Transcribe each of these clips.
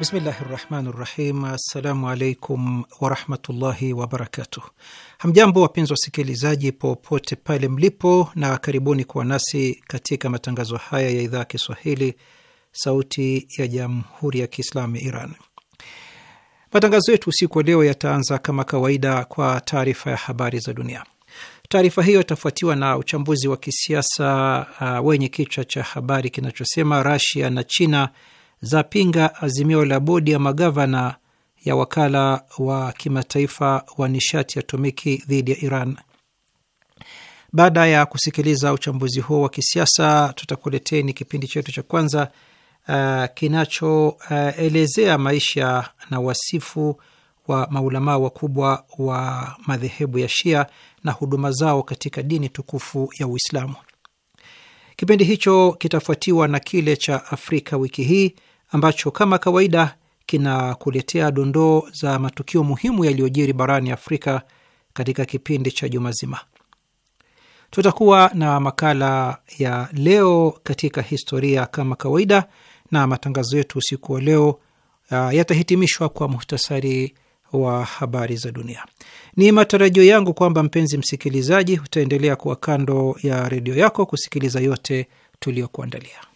Bismillahi rahmani rahim. Assalamu alaikum warahmatullahi wabarakatuh. Hamjambo wapenzi wasikilizaji popote pale mlipo, na karibuni kuwa nasi katika matangazo haya ya idhaa ya Kiswahili sauti ya jamhuri ya Kiislamu ya Iran. Matangazo yetu usiku wa leo yataanza kama kawaida kwa taarifa ya habari za dunia. Taarifa hiyo itafuatiwa na uchambuzi wa kisiasa uh, wenye kichwa cha habari kinachosema Rasia na China zapinga azimio la bodi ya magavana ya wakala wa kimataifa wa nishati ya atomiki dhidi ya Iran. Baada ya kusikiliza uchambuzi huo wa kisiasa, tutakuleteni kipindi chetu cha kwanza uh, kinachoelezea uh, maisha na wasifu wa maulamaa wakubwa wa madhehebu ya Shia na huduma zao katika dini tukufu ya Uislamu. Kipindi hicho kitafuatiwa na kile cha Afrika wiki hii ambacho kama kawaida kinakuletea dondoo za matukio muhimu yaliyojiri barani Afrika katika kipindi cha juma zima. Tutakuwa na makala ya leo katika historia kama kawaida, na matangazo yetu usiku wa leo uh, yatahitimishwa kwa muhtasari wa habari za dunia. Ni matarajio yangu kwamba mpenzi msikilizaji, utaendelea kuwa kando ya redio yako kusikiliza yote tuliyokuandalia.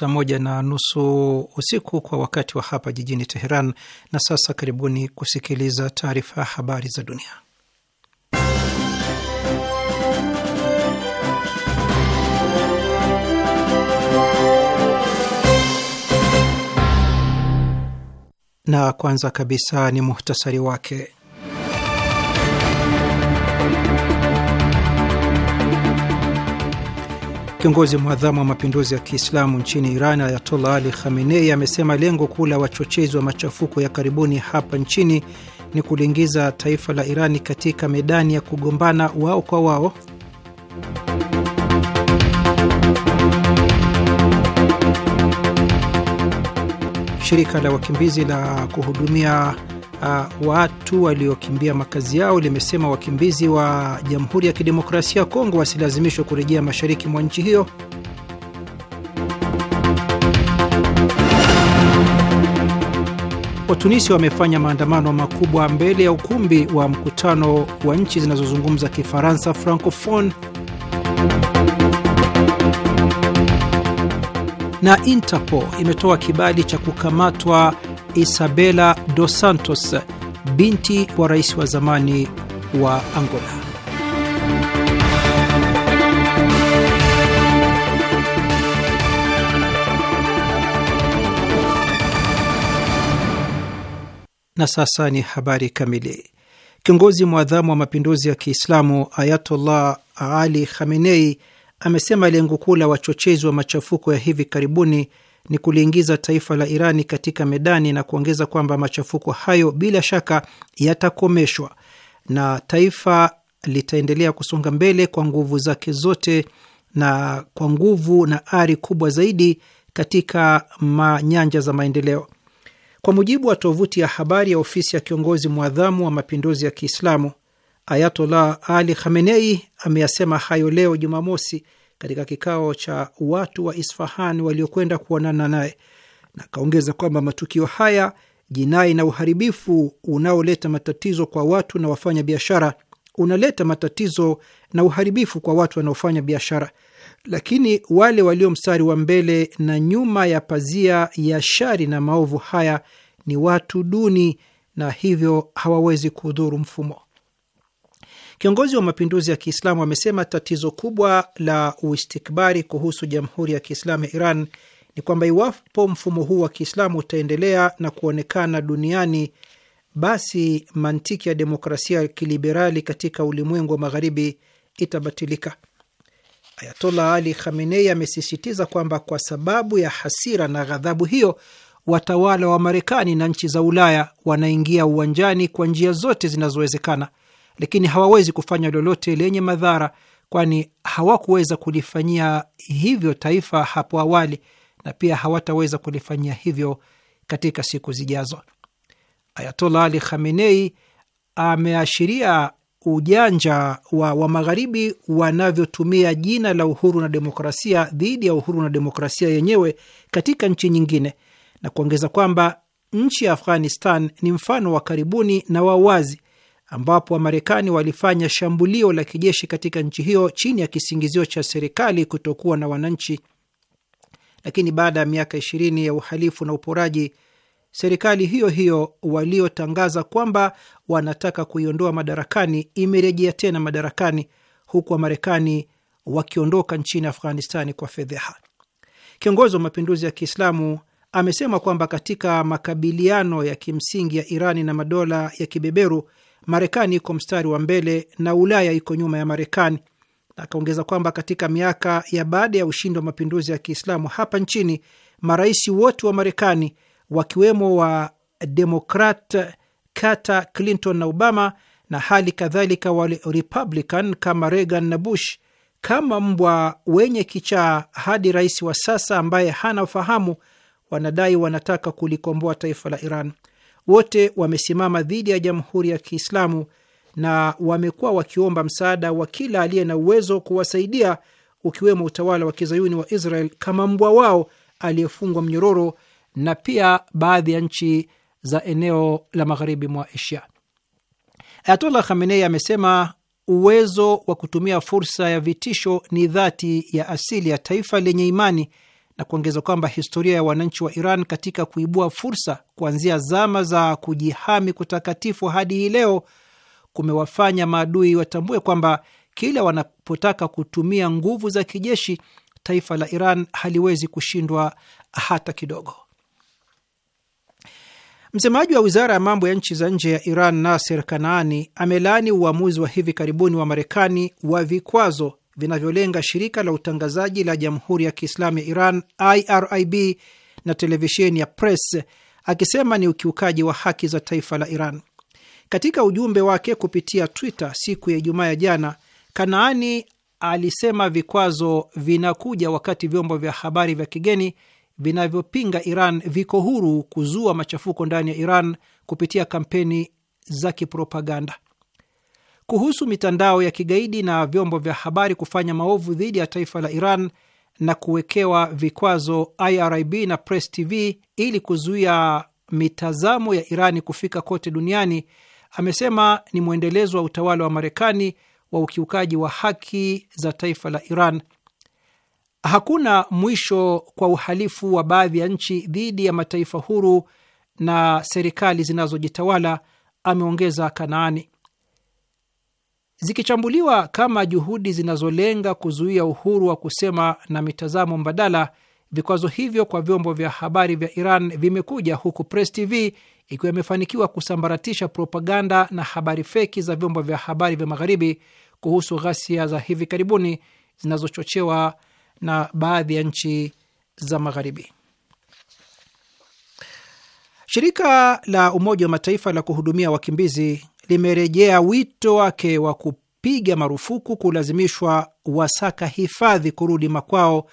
saa moja na nusu usiku kwa wakati wa hapa jijini Teheran. Na sasa karibuni kusikiliza taarifa ya habari za dunia, na kwanza kabisa ni muhtasari wake. Kiongozi mwadhamu wa mapinduzi ya Kiislamu nchini Iran Ayatollah Ali Khamenei amesema lengo kuu la wachochezi wa machafuko ya karibuni hapa nchini ni kuliingiza taifa la Irani katika medani ya kugombana wao kwa wao. Shirika la wakimbizi la kuhudumia uh, watu waliokimbia makazi yao limesema wakimbizi wa Jamhuri ya Kidemokrasia ya Kongo wasilazimishwe kurejea mashariki mwa nchi hiyo. watunisi wamefanya maandamano makubwa mbele ya ukumbi wa mkutano wa nchi zinazozungumza Kifaransa Francophone. Na Interpol imetoa kibali cha kukamatwa Isabela Dos Santos, binti wa rais wa zamani wa Angola. Na sasa ni habari kamili. Kiongozi mwadhamu wa mapinduzi ya Kiislamu Ayatollah Ali Khamenei amesema lengo kuu la wachochezi wa machafuko ya hivi karibuni ni kuliingiza taifa la Irani katika medani na kuongeza kwamba machafuko hayo bila shaka yatakomeshwa na taifa litaendelea kusonga mbele kwa nguvu zake zote na kwa nguvu na ari kubwa zaidi katika nyanja za maendeleo. Kwa mujibu wa tovuti ya habari ya ofisi ya kiongozi mwadhamu wa mapinduzi ya Kiislamu, Ayatollah Ali Khamenei ameyasema hayo leo Jumamosi katika kikao cha watu wa Isfahan waliokwenda kuonana naye, na akaongeza kwamba matukio haya jinai na uharibifu unaoleta matatizo kwa watu na wafanya biashara unaleta matatizo na uharibifu kwa watu wanaofanya biashara, lakini wale walio mstari wa mbele na nyuma ya pazia ya shari na maovu haya ni watu duni, na hivyo hawawezi kudhuru mfumo. Kiongozi wa mapinduzi ya Kiislamu amesema tatizo kubwa la uistikbari kuhusu Jamhuri ya Kiislamu ya Iran ni kwamba iwapo mfumo huu wa Kiislamu utaendelea na kuonekana duniani, basi mantiki ya demokrasia ya kiliberali katika ulimwengu wa magharibi itabatilika. Ayatollah Ali Khamenei amesisitiza kwamba kwa sababu ya hasira na ghadhabu hiyo watawala wa Marekani na nchi za Ulaya wanaingia uwanjani kwa njia zote zinazowezekana lakini hawawezi kufanya lolote lenye madhara, kwani hawakuweza kulifanyia hivyo taifa hapo awali na pia hawataweza kulifanyia hivyo katika siku zijazo. Ayatollah Ali Khamenei ameashiria ujanja wa, wa magharibi wanavyotumia jina la uhuru na demokrasia dhidi ya uhuru na demokrasia yenyewe katika nchi nyingine na kuongeza kwamba nchi ya Afghanistan ni mfano wa karibuni na wa wazi ambapo Wamarekani walifanya shambulio la kijeshi katika nchi hiyo chini ya kisingizio cha serikali kutokuwa na wananchi. Lakini baada ya miaka ishirini ya uhalifu na uporaji, serikali hiyo hiyo waliotangaza kwamba wanataka kuiondoa madarakani imerejea tena madarakani, huku Wamarekani wakiondoka nchini Afghanistani kwa fedheha. Kiongozi wa mapinduzi ya Kiislamu amesema kwamba katika makabiliano ya kimsingi ya Irani na madola ya kibeberu Marekani iko mstari wa mbele na Ulaya iko nyuma ya Marekani. Akaongeza kwamba katika miaka ya baada ya ushindi wa mapinduzi ya Kiislamu hapa nchini, marais wote wa Marekani wakiwemo wa Demokrat Carter, Clinton na Obama na hali kadhalika wa Republican kama Reagan na Bush, kama mbwa wenye kichaa hadi rais wa sasa ambaye hana ufahamu, wanadai wanataka kulikomboa taifa la Iran wote wamesimama dhidi ya Jamhuri ya Kiislamu na wamekuwa wakiomba msaada wa kila aliye na uwezo kuwasaidia, ukiwemo utawala wa kizayuni wa Israel kama mbwa wao aliyefungwa mnyororo na pia baadhi ya nchi za eneo la magharibi mwa Asia. Ayatollah Khamenei amesema uwezo wa kutumia fursa ya vitisho ni dhati ya asili ya taifa lenye imani na kuongeza kwamba historia ya wananchi wa Iran katika kuibua fursa kuanzia zama za kujihami kutakatifu hadi hii leo kumewafanya maadui watambue kwamba kila wanapotaka kutumia nguvu za kijeshi, taifa la Iran haliwezi kushindwa hata kidogo. Msemaji wa wizara ya mambo ya nchi za nje ya Iran, naser Kanaani, amelaani uamuzi wa hivi karibuni wa Marekani wa vikwazo vinavyolenga shirika la utangazaji la Jamhuri ya Kiislamu ya Iran IRIB na televisheni ya Press, akisema ni ukiukaji wa haki za taifa la Iran. Katika ujumbe wake kupitia Twitter siku ya Ijumaa ya jana, Kanaani alisema vikwazo vinakuja wakati vyombo vya habari vya kigeni vinavyopinga Iran viko huru kuzua machafuko ndani ya Iran kupitia kampeni za kipropaganda kuhusu mitandao ya kigaidi na vyombo vya habari kufanya maovu dhidi ya taifa la Iran na kuwekewa vikwazo IRIB na Press TV ili kuzuia mitazamo ya Irani kufika kote duniani, amesema ni mwendelezo wa utawala wa Marekani wa ukiukaji wa haki za taifa la Iran. Hakuna mwisho kwa uhalifu wa baadhi ya nchi dhidi ya mataifa huru na serikali zinazojitawala, ameongeza Kanaani zikichambuliwa kama juhudi zinazolenga kuzuia uhuru wa kusema na mitazamo mbadala. Vikwazo hivyo kwa vyombo vya habari vya Iran vimekuja huku Press TV ikiwa imefanikiwa kusambaratisha propaganda na habari feki za vyombo vya habari vya Magharibi kuhusu ghasia za hivi karibuni zinazochochewa na baadhi ya nchi za Magharibi. Shirika la Umoja wa Mataifa la kuhudumia wakimbizi limerejea wito wake wa kupiga marufuku kulazimishwa wasaka hifadhi kurudi makwao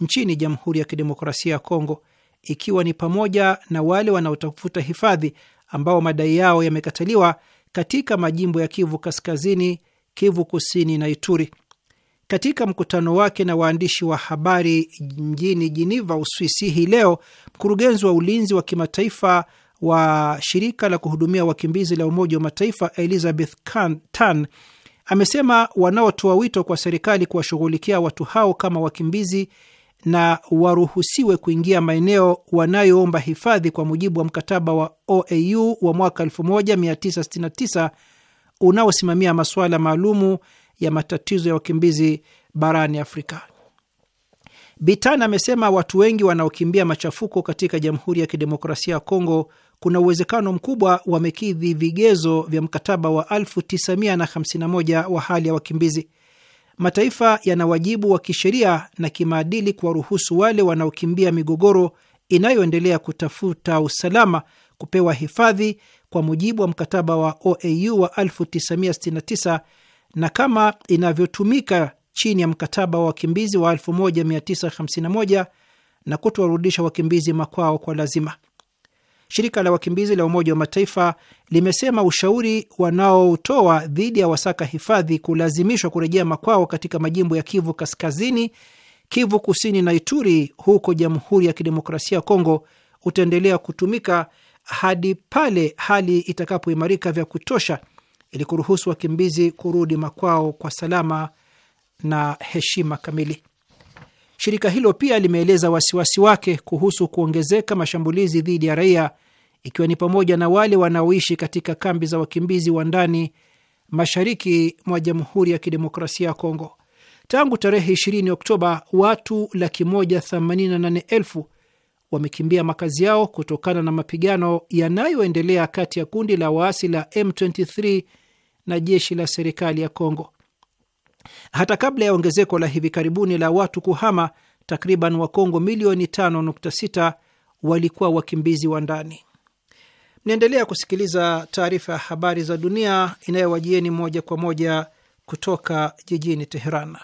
nchini Jamhuri ya Kidemokrasia ya Kongo, ikiwa ni pamoja na wale wanaotafuta hifadhi ambao madai yao yamekataliwa katika majimbo ya Kivu Kaskazini, Kivu Kusini na Ituri. Katika mkutano wake na waandishi wa habari mjini Jiniva, Uswisi hii leo, mkurugenzi wa ulinzi wa kimataifa wa shirika la kuhudumia wakimbizi la Umoja wa Mataifa Elizabeth Tan amesema wanaotoa wito kwa serikali kuwashughulikia watu hao kama wakimbizi na waruhusiwe kuingia maeneo wanayoomba hifadhi kwa mujibu wa mkataba wa OAU wa mwaka 1969 unaosimamia masuala maalumu ya matatizo ya wakimbizi barani Afrika. Bitan amesema watu wengi wanaokimbia machafuko katika Jamhuri ya Kidemokrasia ya Kongo kuna uwezekano mkubwa wamekidhi vigezo vya mkataba wa 1951 wa hali ya wakimbizi. Mataifa yana wajibu wa kisheria na kimaadili kuwaruhusu wale wanaokimbia migogoro inayoendelea kutafuta usalama kupewa hifadhi kwa mujibu wa mkataba wa OAU wa 1969 na kama inavyotumika chini ya mkataba wa wakimbizi wa 1951 na kutowarudisha wakimbizi makwao kwa lazima. Shirika la wakimbizi la Umoja wa Mataifa limesema ushauri wanaotoa dhidi ya wasaka hifadhi kulazimishwa kurejea makwao katika majimbo ya Kivu Kaskazini, Kivu Kusini na Ituri huko Jamhuri ya Kidemokrasia ya Kongo utaendelea kutumika hadi pale hali itakapoimarika vya kutosha ili kuruhusu wakimbizi kurudi makwao kwa salama na heshima kamili. Shirika hilo pia limeeleza wasiwasi wake kuhusu kuongezeka mashambulizi dhidi ya raia, ikiwa ni pamoja na wale wanaoishi katika kambi za wakimbizi wa ndani mashariki mwa Jamhuri ya Kidemokrasia ya Kongo. Tangu tarehe 20 Oktoba, watu laki moja themanini na nane elfu wamekimbia makazi yao kutokana na mapigano yanayoendelea kati ya kundi la waasi la M23 na jeshi la serikali ya Kongo. Hata kabla ya ongezeko la hivi karibuni la watu kuhama, takriban Wakongo milioni 5.6 walikuwa wakimbizi wa ndani. Mnaendelea kusikiliza taarifa ya habari za dunia inayowajieni moja kwa moja kutoka jijini Teheran.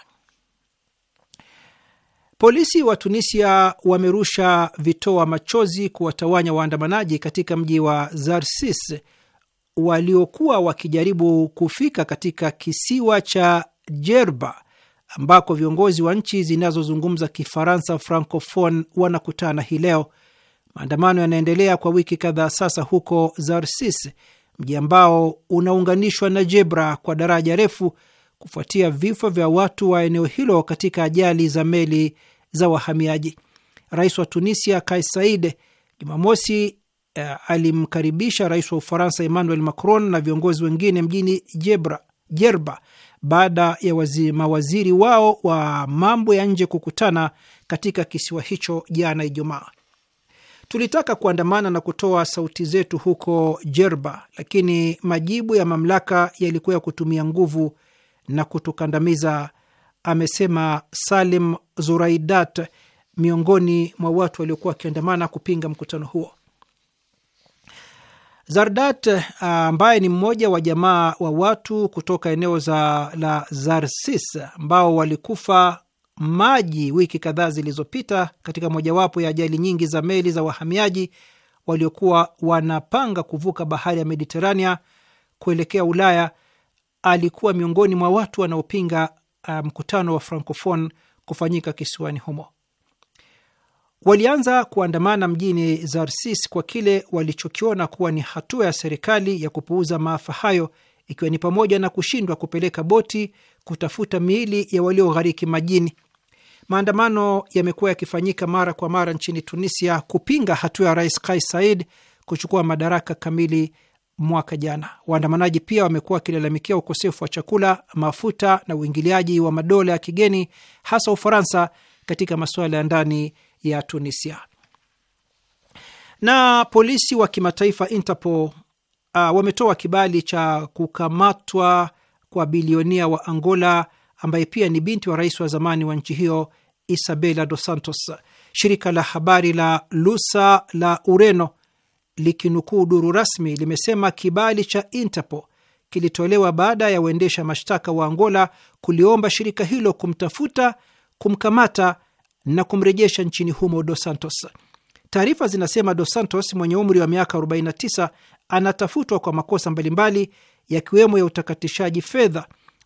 Polisi wa Tunisia wamerusha vitoa machozi kuwatawanya waandamanaji katika mji wa Zarsis waliokuwa wakijaribu kufika katika kisiwa cha jerba ambako viongozi wa nchi zinazozungumza Kifaransa Francophone wanakutana hii leo. Maandamano yanaendelea kwa wiki kadhaa sasa huko Zarsis, mji ambao unaunganishwa na Jebra kwa daraja refu, kufuatia vifo vya watu wa eneo hilo katika ajali za meli za wahamiaji. Rais wa Tunisia Kais Said Jumamosi uh, alimkaribisha rais wa Ufaransa Emmanuel Macron na viongozi wengine mjini Jebra, Jerba baada ya wazi, mawaziri wao wa mambo ya nje kukutana katika kisiwa hicho jana Ijumaa. Tulitaka kuandamana na kutoa sauti zetu huko Jerba, lakini majibu ya mamlaka yalikuwa ya kutumia nguvu na kutukandamiza, amesema Salim Zuraidat, miongoni mwa watu waliokuwa wakiandamana kupinga mkutano huo. Zardat eh, ambaye ni mmoja wa jamaa wa watu kutoka eneo za, la Zarsis ambao walikufa maji wiki kadhaa zilizopita katika mojawapo ya ajali nyingi za meli za wahamiaji waliokuwa wanapanga kuvuka bahari ya Mediterania kuelekea Ulaya alikuwa miongoni mwa watu wanaopinga eh, mkutano um, wa Francofon kufanyika kisiwani humo. Walianza kuandamana mjini Zarsis kwa kile walichokiona kuwa ni hatua ya serikali ya kupuuza maafa hayo, ikiwa ni pamoja na kushindwa kupeleka boti kutafuta miili ya walioghariki majini. Maandamano yamekuwa yakifanyika mara kwa mara nchini Tunisia kupinga hatua ya Rais Kais Said kuchukua madaraka kamili mwaka jana. Waandamanaji pia wamekuwa wakilalamikia ukosefu wa chakula, mafuta na uingiliaji wa madola ya kigeni, hasa Ufaransa, katika masuala ya ndani ya Tunisia. Na polisi wa kimataifa Interpol uh, wametoa kibali cha kukamatwa kwa bilionia wa Angola ambaye pia ni binti wa rais wa zamani wa nchi hiyo Isabela dos Santos. Shirika la habari la Lusa la Ureno likinukuu duru rasmi limesema kibali cha Interpol kilitolewa baada ya waendesha mashtaka wa Angola kuliomba shirika hilo kumtafuta, kumkamata na kumrejesha nchini humo Dos Santos. Taarifa zinasema Dos Santos mwenye umri wa miaka 49 anatafutwa kwa makosa mbalimbali yakiwemo ya utakatishaji fedha,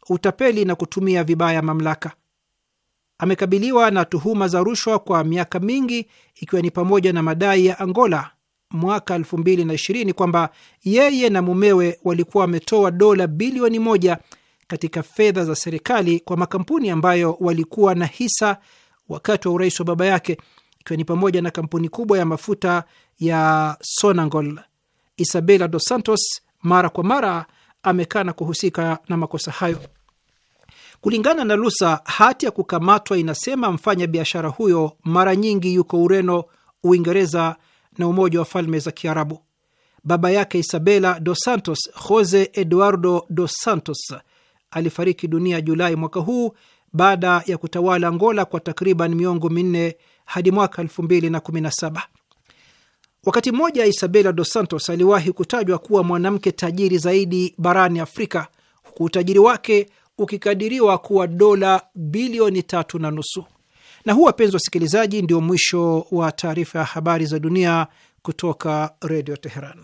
utapeli na kutumia vibaya mamlaka. Amekabiliwa na tuhuma za rushwa kwa miaka mingi, ikiwa ni pamoja na madai ya Angola mwaka 2020 kwamba yeye na mumewe walikuwa wametoa dola bilioni moja katika fedha za serikali kwa makampuni ambayo walikuwa na hisa wakati wa urais wa baba yake, ikiwa ni pamoja na kampuni kubwa ya mafuta ya Sonangol. Isabela dos Santos mara kwa mara amekana kuhusika na makosa hayo. Kulingana na Lusa, hati ya kukamatwa inasema mfanya biashara huyo mara nyingi yuko Ureno, Uingereza na Umoja wa Falme za Kiarabu. Baba yake Isabela dos Santos, Jose Eduardo dos Santos, alifariki dunia Julai mwaka huu baada ya kutawala Angola kwa takriban miongo minne hadi mwaka 2017. Wakati mmoja Isabela Dos Santos aliwahi kutajwa kuwa mwanamke tajiri zaidi barani Afrika, huku utajiri wake ukikadiriwa kuwa dola bilioni tatu na nusu. Na huu, wapenzi wasikilizaji, ndio mwisho wa taarifa ya habari za dunia kutoka Redio Teheran.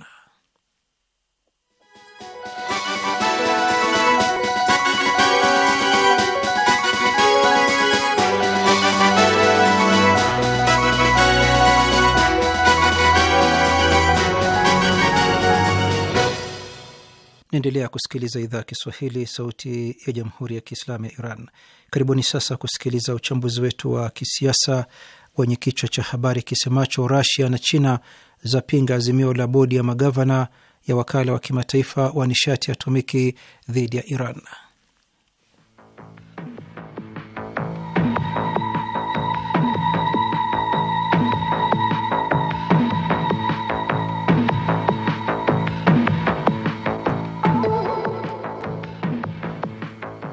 Mnaendelea kusikiliza idhaa ya Kiswahili, sauti ya jamhuri ya kiislamu ya Iran. Karibuni sasa kusikiliza uchambuzi wetu wa kisiasa wenye kichwa cha habari kisemacho Rasia na China zapinga azimio la bodi ya magavana ya wakala wa kimataifa wa nishati atomiki dhidi ya Iran.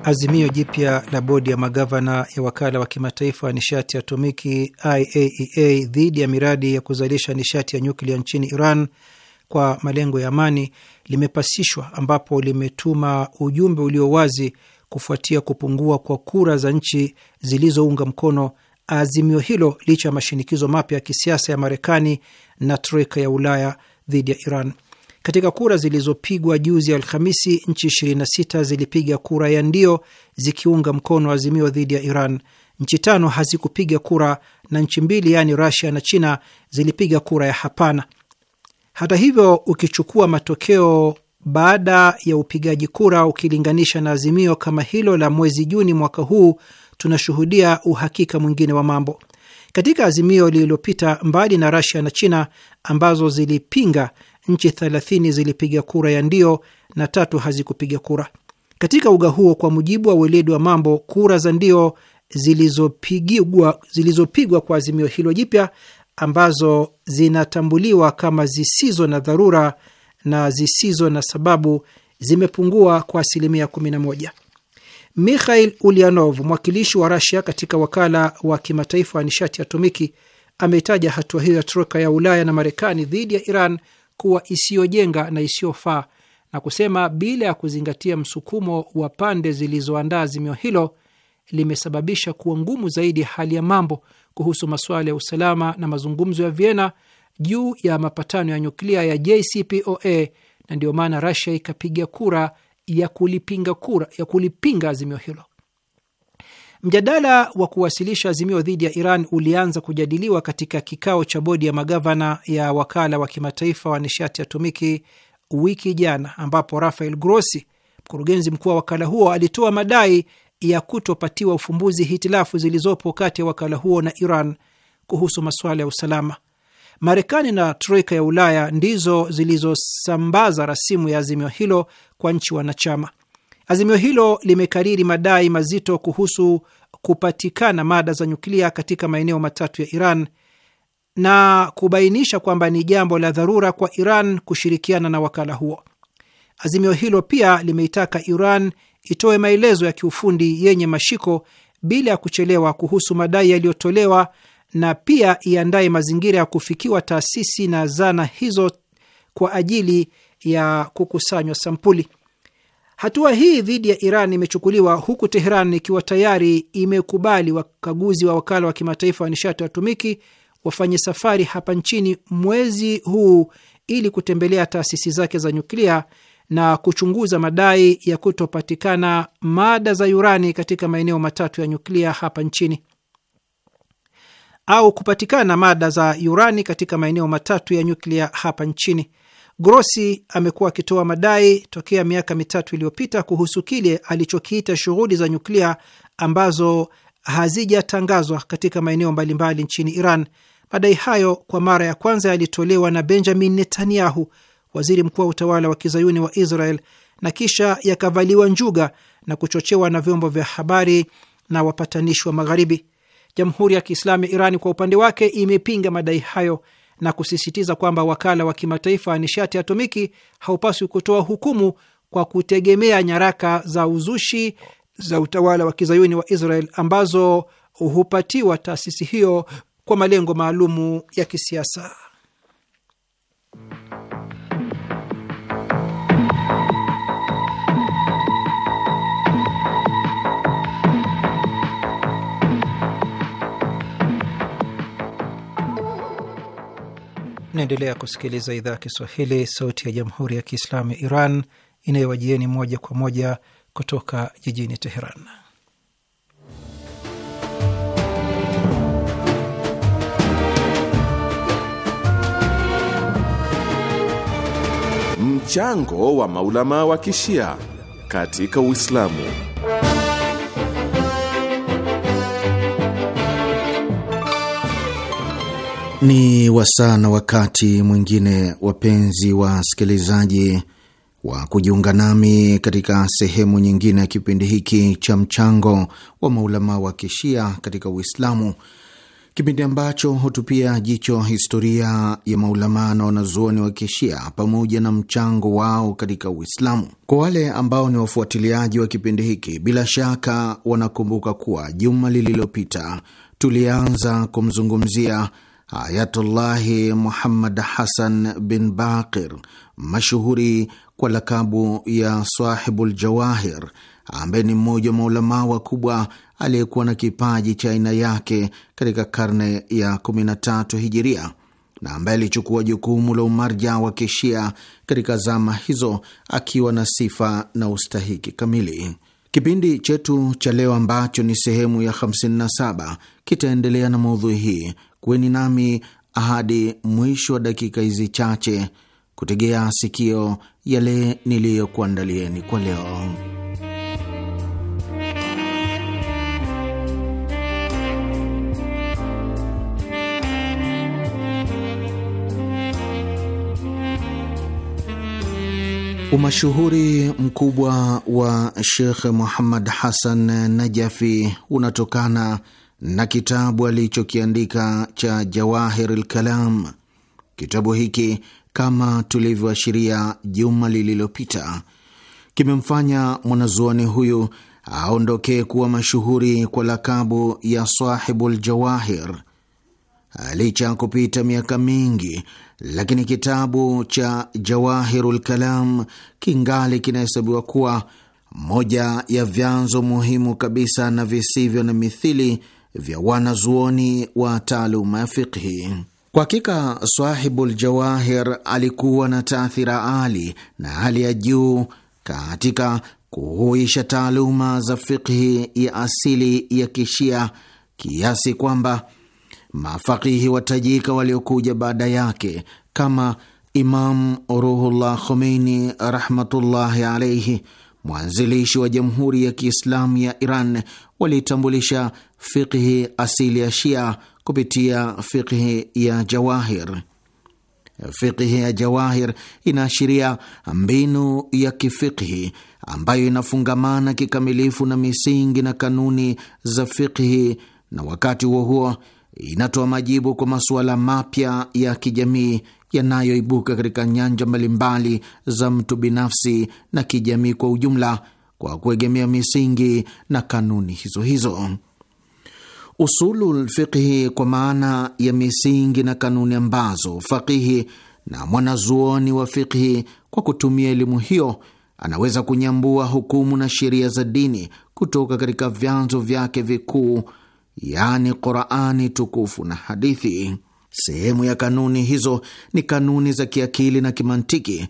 Azimio jipya la bodi ya magavana ya wakala wa kimataifa wa nishati atomiki IAEA e dhidi ya miradi ya kuzalisha nishati ya nyuklia nchini Iran kwa malengo ya amani limepasishwa, ambapo limetuma ujumbe ulio wazi kufuatia kupungua kwa kura za nchi zilizounga mkono azimio hilo licha ya mashinikizo mapya ya kisiasa ya Marekani na troika ya Ulaya dhidi ya Iran. Katika kura zilizopigwa juzi Alhamisi, nchi 26 zilipiga kura ya ndio zikiunga mkono azimio dhidi ya Iran. Nchi tano hazikupiga kura na nchi mbili, yaani Rusia na China, zilipiga kura ya hapana. Hata hivyo, ukichukua matokeo baada ya upigaji kura ukilinganisha na azimio kama hilo la mwezi Juni mwaka huu, tunashuhudia uhakika mwingine wa mambo. Katika azimio lililopita, mbali na Rusia na China ambazo zilipinga nchi 30 zilipiga kura ya ndio na tatu hazikupiga kura. Katika uga huo, kwa mujibu wa weledi wa mambo, kura za ndio zilizopigwa zilizopigwa kwa azimio hilo jipya ambazo zinatambuliwa kama zisizo na dharura na zisizo na sababu zimepungua kwa asilimia 11. Mikhail Ulianov, mwakilishi wa Rasia katika wakala wa kimataifa wa nishati atomiki, ameitaja hatua hiyo ya troika ya Ulaya na Marekani dhidi ya Iran kuwa isiyojenga na isiyofaa na kusema bila ya kuzingatia msukumo wa pande zilizoandaa azimio hilo limesababisha kuwa ngumu zaidi hali ya mambo kuhusu masuala ya usalama na mazungumzo ya Vienna juu ya mapatano ya nyuklia ya JCPOA na ndiyo maana Russia ikapiga kura ya kulipinga kura ya kulipinga azimio hilo. Mjadala wa kuwasilisha azimio dhidi ya Iran ulianza kujadiliwa katika kikao cha bodi ya magavana ya wakala wa kimataifa wa nishati atomiki wiki jana, ambapo Rafael Grossi, mkurugenzi mkuu wa wakala huo, alitoa madai ya kutopatiwa ufumbuzi hitilafu zilizopo kati ya wakala huo na Iran kuhusu masuala ya usalama. Marekani na troika ya Ulaya ndizo zilizosambaza rasimu ya azimio hilo kwa nchi wanachama. Azimio hilo limekariri madai mazito kuhusu kupatikana mada za nyuklia katika maeneo matatu ya Iran na kubainisha kwamba ni jambo la dharura kwa Iran kushirikiana na wakala huo. Azimio hilo pia limeitaka Iran itoe maelezo ya kiufundi yenye mashiko bila ya kuchelewa kuhusu madai yaliyotolewa na pia iandae mazingira ya kufikiwa taasisi na zana hizo kwa ajili ya kukusanywa sampuli. Hatua hii dhidi ya Iran imechukuliwa huku Teheran ikiwa tayari imekubali wakaguzi wa wakala wa kimataifa wa nishati watumiki atomiki wafanye safari hapa nchini mwezi huu ili kutembelea taasisi zake za nyuklia na kuchunguza madai ya kutopatikana mada za urani katika maeneo matatu ya nyuklia hapa nchini au kupatikana mada za urani katika maeneo matatu ya nyuklia hapa nchini. Grossi amekuwa akitoa madai tokea miaka mitatu iliyopita kuhusu kile alichokiita shughuli za nyuklia ambazo hazijatangazwa katika maeneo mbalimbali nchini Iran. Madai hayo kwa mara ya kwanza yalitolewa na Benjamin Netanyahu, waziri mkuu wa utawala wa kizayuni wa Israel, na kisha yakavaliwa njuga na kuchochewa na vyombo vya habari na wapatanishi wa Magharibi. Jamhuri ya Kiislamu ya Irani kwa upande wake imepinga madai hayo na kusisitiza kwamba wakala wa kimataifa wa nishati atomiki haupaswi kutoa hukumu kwa kutegemea nyaraka za uzushi za utawala wa kizayuni wa Israel ambazo hupatiwa taasisi hiyo kwa malengo maalumu ya kisiasa. Mnaendelea kusikiliza idhaa ya Kiswahili, sauti ya jamhuri ya kiislamu ya Iran inayowajieni moja kwa moja kutoka jijini Teheran. Mchango wa maulama wa kishia katika Uislamu. Ni wasaa na wakati mwingine, wapenzi wasikilizaji, wa kujiunga nami katika sehemu nyingine ya kipindi hiki cha mchango wa maulama wa kishia katika Uislamu, kipindi ambacho hutupia jicho historia ya maulamaa na wanazuoni wa kishia pamoja na mchango wao katika Uislamu. Kwa wale ambao ni wafuatiliaji wa kipindi hiki, bila shaka wanakumbuka kuwa juma lililopita tulianza kumzungumzia Ayatullahi Muhammad Hasan bin Baqir, mashuhuri kwa lakabu ya Sahibu Ljawahir, ambaye ni mmoja wa maulamaa wakubwa aliyekuwa na kipaji cha aina yake katika karne ya 13 Hijiria na ambaye alichukua jukumu la umarja wa kishia katika zama hizo akiwa na sifa na ustahiki kamili. Kipindi chetu cha leo ambacho ni sehemu ya 57 kitaendelea na maudhui hii kweni nami hadi mwisho wa dakika hizi chache kutegea sikio yale niliyokuandalieni kwa leo. Umashuhuri mkubwa wa Shekh Muhammad Hassan Najafi unatokana na kitabu alichokiandika cha Jawahir lkalam Kitabu hiki kama tulivyoashiria juma lililopita, kimemfanya mwanazuoni huyu aondokee kuwa mashuhuri kwa lakabu ya Sahibu Ljawahir. Licha ya kupita miaka mingi, lakini kitabu cha Jawahiru lkalam kingali kinahesabiwa kuwa moja ya vyanzo muhimu kabisa na visivyo na mithili vya wanazuoni wa taaluma ya fiqhi. Kwa hakika Swahibul Jawahir alikuwa na taathira ali na hali ya juu katika kuhuisha taaluma za fiqhi ya asili ya Kishia kiasi kwamba mafakihi watajika waliokuja baada yake kama Imam Ruhullah Khomeini rahmatullahi alaihi, mwanzilishi wa Jamhuri ya Kiislamu ya Iran, waliitambulisha fikhi asili ya Shia kupitia fikhi ya Jawahir. Fikhi ya Jawahir inaashiria mbinu ya kifikhi ambayo inafungamana kikamilifu na misingi na kanuni za fikhi, na wakati huo huo inatoa majibu kwa masuala mapya ya kijamii yanayoibuka katika nyanja mbalimbali za mtu binafsi na kijamii kwa ujumla kwa kuegemea misingi na kanuni hizo hizo. Usulu lfiqhi kwa maana ya misingi na kanuni ambazo faqihi na mwanazuoni wa fiqhi kwa kutumia elimu hiyo anaweza kunyambua hukumu na sheria za dini kutoka katika vyanzo vyake vikuu, yaani Qurani tukufu na hadithi. Sehemu ya kanuni hizo ni kanuni za kiakili na kimantiki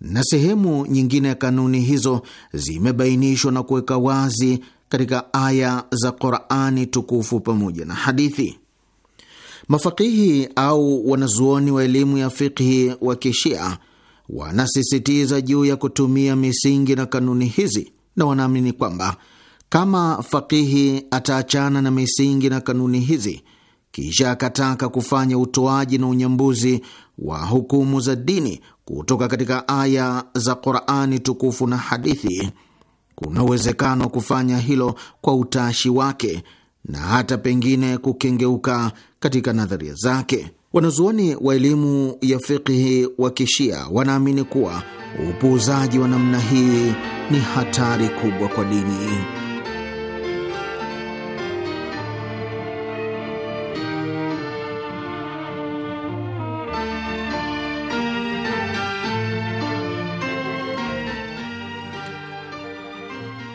na sehemu nyingine ya kanuni hizo zimebainishwa na kuweka wazi katika aya za Qurani tukufu pamoja na hadithi. Mafakihi au wanazuoni wa elimu ya fikhi wa Kishia wanasisitiza juu ya kutumia misingi na kanuni hizi, na wanaamini kwamba kama fakihi ataachana na misingi na kanuni hizi kisha akataka kufanya utoaji na unyambuzi wa hukumu za dini kutoka katika aya za Qurani tukufu na hadithi. Kuna uwezekano wa kufanya hilo kwa utashi wake na hata pengine kukengeuka katika nadharia zake. Wanazuoni wa elimu ya fikihi wa Kishia wanaamini kuwa upuuzaji wa namna hii ni hatari kubwa kwa dini.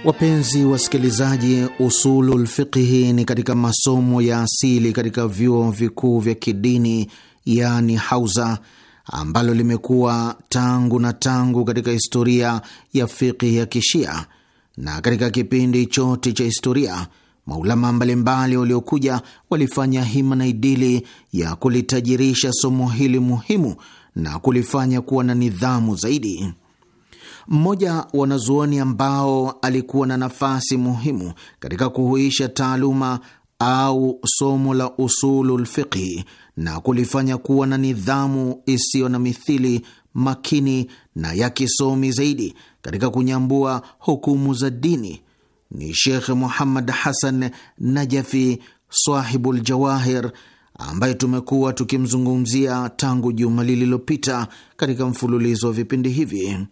Wapenzi wasikilizaji, usulul fiqhi ni katika masomo ya asili katika vyuo vikuu vya kidini, yani hauza, ambalo limekuwa tangu na tangu katika historia ya fiqhi ya Kishia, na katika kipindi chote cha historia maulama mbalimbali waliokuja walifanya hima na idili ya kulitajirisha somo hili muhimu na kulifanya kuwa na nidhamu zaidi. Mmoja wanazuoni ambao alikuwa na nafasi muhimu katika kuhuisha taaluma au somo la usulul fiqhi na kulifanya kuwa na nidhamu isiyo na mithili makini na ya kisomi zaidi katika kunyambua hukumu za dini ni Shekh Muhammad Hasan Najafi Sahibul Jawahir ambaye tumekuwa tukimzungumzia tangu juma lililopita katika mfululizo wa vipindi hivi.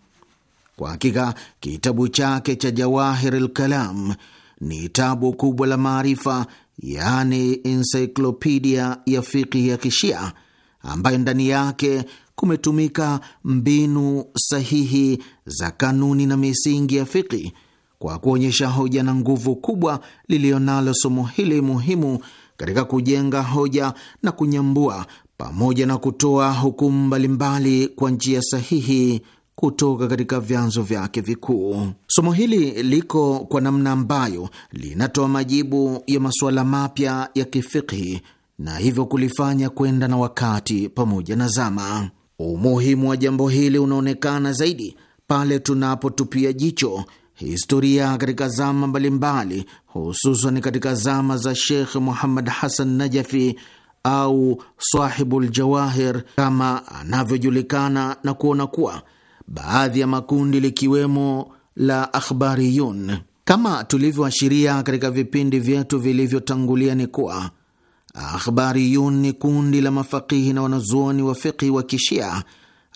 Kwa hakika kitabu chake cha Jawahir Lkalam ni tabu kubwa la maarifa, yaani ensiklopidia ya fikihi ya Kishia, ambayo ndani yake kumetumika mbinu sahihi za kanuni na misingi ya fiki kwa kuonyesha hoja na nguvu kubwa liliyonalo somo hili muhimu katika kujenga hoja na kunyambua pamoja na kutoa hukumu mbalimbali kwa njia sahihi kutoka katika vyanzo vyake vikuu. Somo hili liko kwa namna ambayo linatoa majibu ya masuala mapya ya kifikhi na hivyo kulifanya kwenda na wakati pamoja na zama. Umuhimu wa jambo hili unaonekana zaidi pale tunapotupia jicho historia katika zama mbalimbali, hususan katika zama za Sheikh Muhammad Hassan Najafi au Sahibul Jawahir kama anavyojulikana, na kuona kuwa baadhi ya makundi likiwemo la akhbariyun. Kama tulivyoashiria katika vipindi vyetu vilivyotangulia, ni kuwa akhbariyun ni kundi la mafakihi na wanazuoni wa fiqhi wa kishia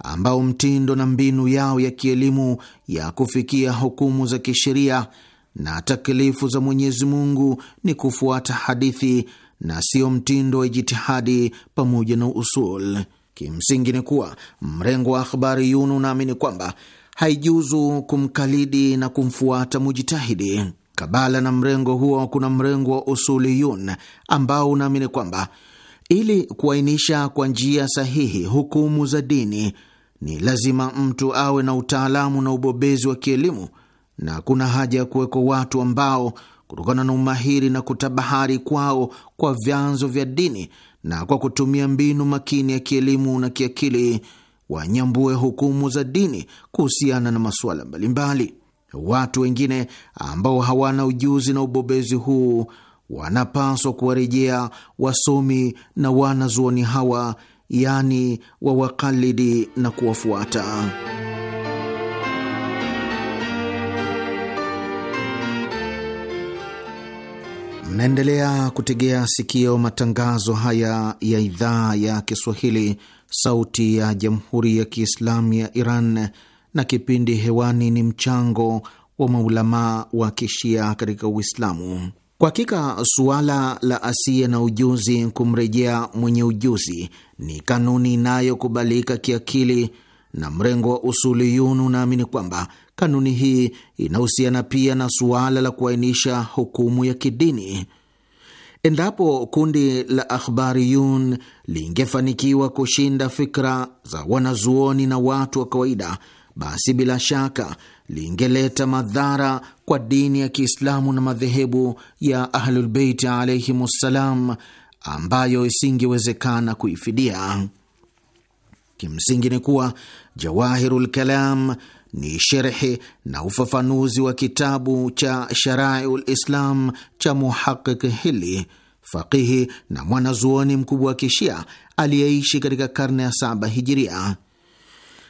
ambao mtindo na mbinu yao ya kielimu ya kufikia hukumu za kisheria na taklifu za Mwenyezi Mungu ni kufuata hadithi na sio mtindo wa ijitihadi pamoja na usul. Kimsingi ni kuwa mrengo wa Akhbari Yun unaamini kwamba haijuzu kumkalidi na kumfuata mujitahidi. Kabala na mrengo huo, kuna mrengo wa usuliyun ambao unaamini kwamba ili kuainisha kwa njia sahihi hukumu za dini ni lazima mtu awe na utaalamu na ubobezi wa kielimu, na kuna haja ya kuwekwa watu ambao kutokana na umahiri na kutabahari kwao kwa vyanzo vya dini na kwa kutumia mbinu makini ya kielimu na kiakili wanyambue hukumu za dini kuhusiana na masuala mbalimbali. Watu wengine ambao hawana ujuzi na ubobezi huu wanapaswa kuwarejea wasomi na wanazuoni hawa, yaani wawakalidi na kuwafuata. Mnaendelea kutegea sikio matangazo haya ya idhaa ya Kiswahili, Sauti ya Jamhuri ya Kiislamu ya Iran, na kipindi hewani ni mchango wa maulamaa wa kishia katika Uislamu. Kwa hakika suala la asiye na ujuzi kumrejea mwenye ujuzi ni kanuni inayokubalika kiakili, na mrengo wa usuliyunu unaamini kwamba Kanuni hii inahusiana pia na suala la kuainisha hukumu ya kidini. Endapo kundi la Akhbariyun lingefanikiwa kushinda fikra za wanazuoni na watu wa kawaida, basi bila shaka lingeleta madhara kwa dini ya Kiislamu na madhehebu ya Ahlulbeiti ssalam, ambayo isingewezekana kuifidia. Kimsingi ni kuwa Jawahirul Kalam ni sherhe na ufafanuzi wa kitabu cha Sharaiul Islam cha Muhaqiq Hili, faqihi na mwanazuoni mkubwa wa kishia aliyeishi katika karne ya saba hijiria.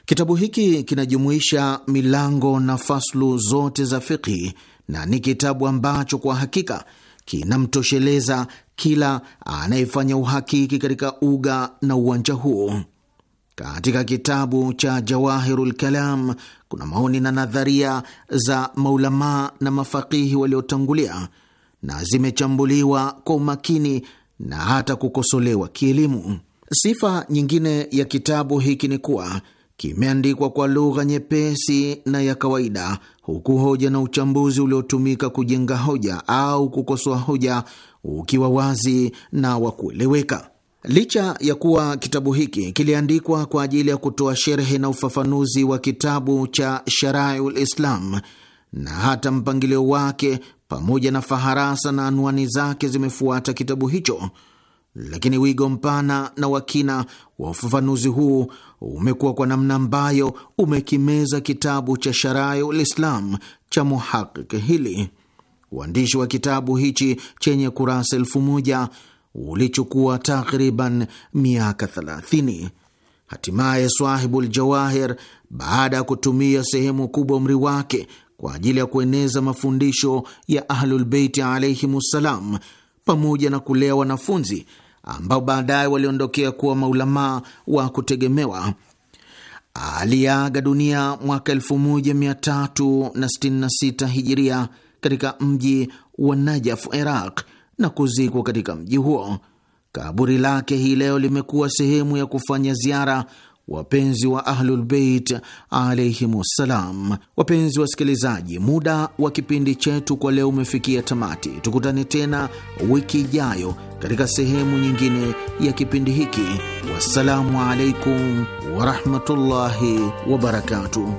Kitabu hiki kinajumuisha milango na faslu zote za fiqhi na ni kitabu ambacho kwa hakika kinamtosheleza kila anayefanya uhakiki katika uga na uwanja huo. Katika kitabu cha Jawahirul Kalam kuna maoni na nadharia za maulamaa na mafakihi waliotangulia na zimechambuliwa kwa umakini na hata kukosolewa kielimu. Sifa nyingine ya kitabu hiki ni kuwa kimeandikwa kwa lugha nyepesi na ya kawaida, huku hoja na uchambuzi uliotumika kujenga hoja au kukosoa hoja ukiwa wazi na wa kueleweka. Licha ya kuwa kitabu hiki kiliandikwa kwa ajili ya kutoa sherehe na ufafanuzi wa kitabu cha Sharaiul Islam na hata mpangilio wake pamoja na faharasa na anwani zake zimefuata kitabu hicho, lakini wigo mpana na wakina wa ufafanuzi huu umekuwa kwa namna ambayo umekimeza kitabu cha Sharaiul Islam cha muhakiki hili. Uandishi wa kitabu hichi chenye kurasa elfu moja ulichukua takriban miaka 30. Hatimaye Swahibul Jawahir, baada ya kutumia sehemu kubwa umri wake kwa ajili ya kueneza mafundisho ya Ahlulbeiti alaihimussalam, pamoja na kulea wanafunzi ambao baadaye waliondokea kuwa maulamaa wa kutegemewa, aliaga dunia mwaka 1366 hijiria katika mji wa Najaf, Iraq na kuzikwa katika mji huo. Kaburi lake hii leo limekuwa sehemu ya kufanya ziara wapenzi wa Ahlulbeit alaihimussalam. Wapenzi wasikilizaji, muda wa kipindi chetu kwa leo umefikia tamati. Tukutane tena wiki ijayo katika sehemu nyingine ya kipindi hiki. Wassalamu alaikum warahmatullahi wabarakatuh.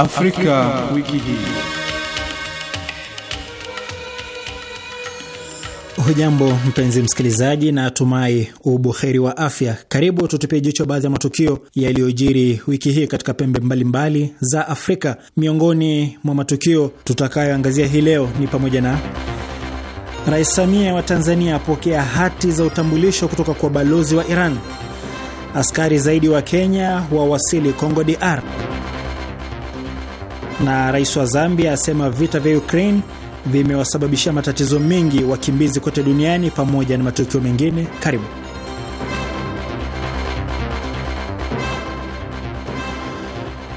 Afrika, wiki hii. Hujambo mpenzi msikilizaji, na tumai ubuheri wa afya. Karibu tutupie jicho baadhi ya matukio yaliyojiri wiki hii katika pembe mbalimbali mbali za Afrika. Miongoni mwa matukio tutakayoangazia hii leo ni pamoja na Rais Samia wa Tanzania apokea hati za utambulisho kutoka kwa balozi wa Iran, askari zaidi wa Kenya wawasili Kongo DR na rais wa Zambia asema vita vya Ukraine vimewasababishia matatizo mengi wakimbizi kote duniani pamoja na matukio mengine. Karibu.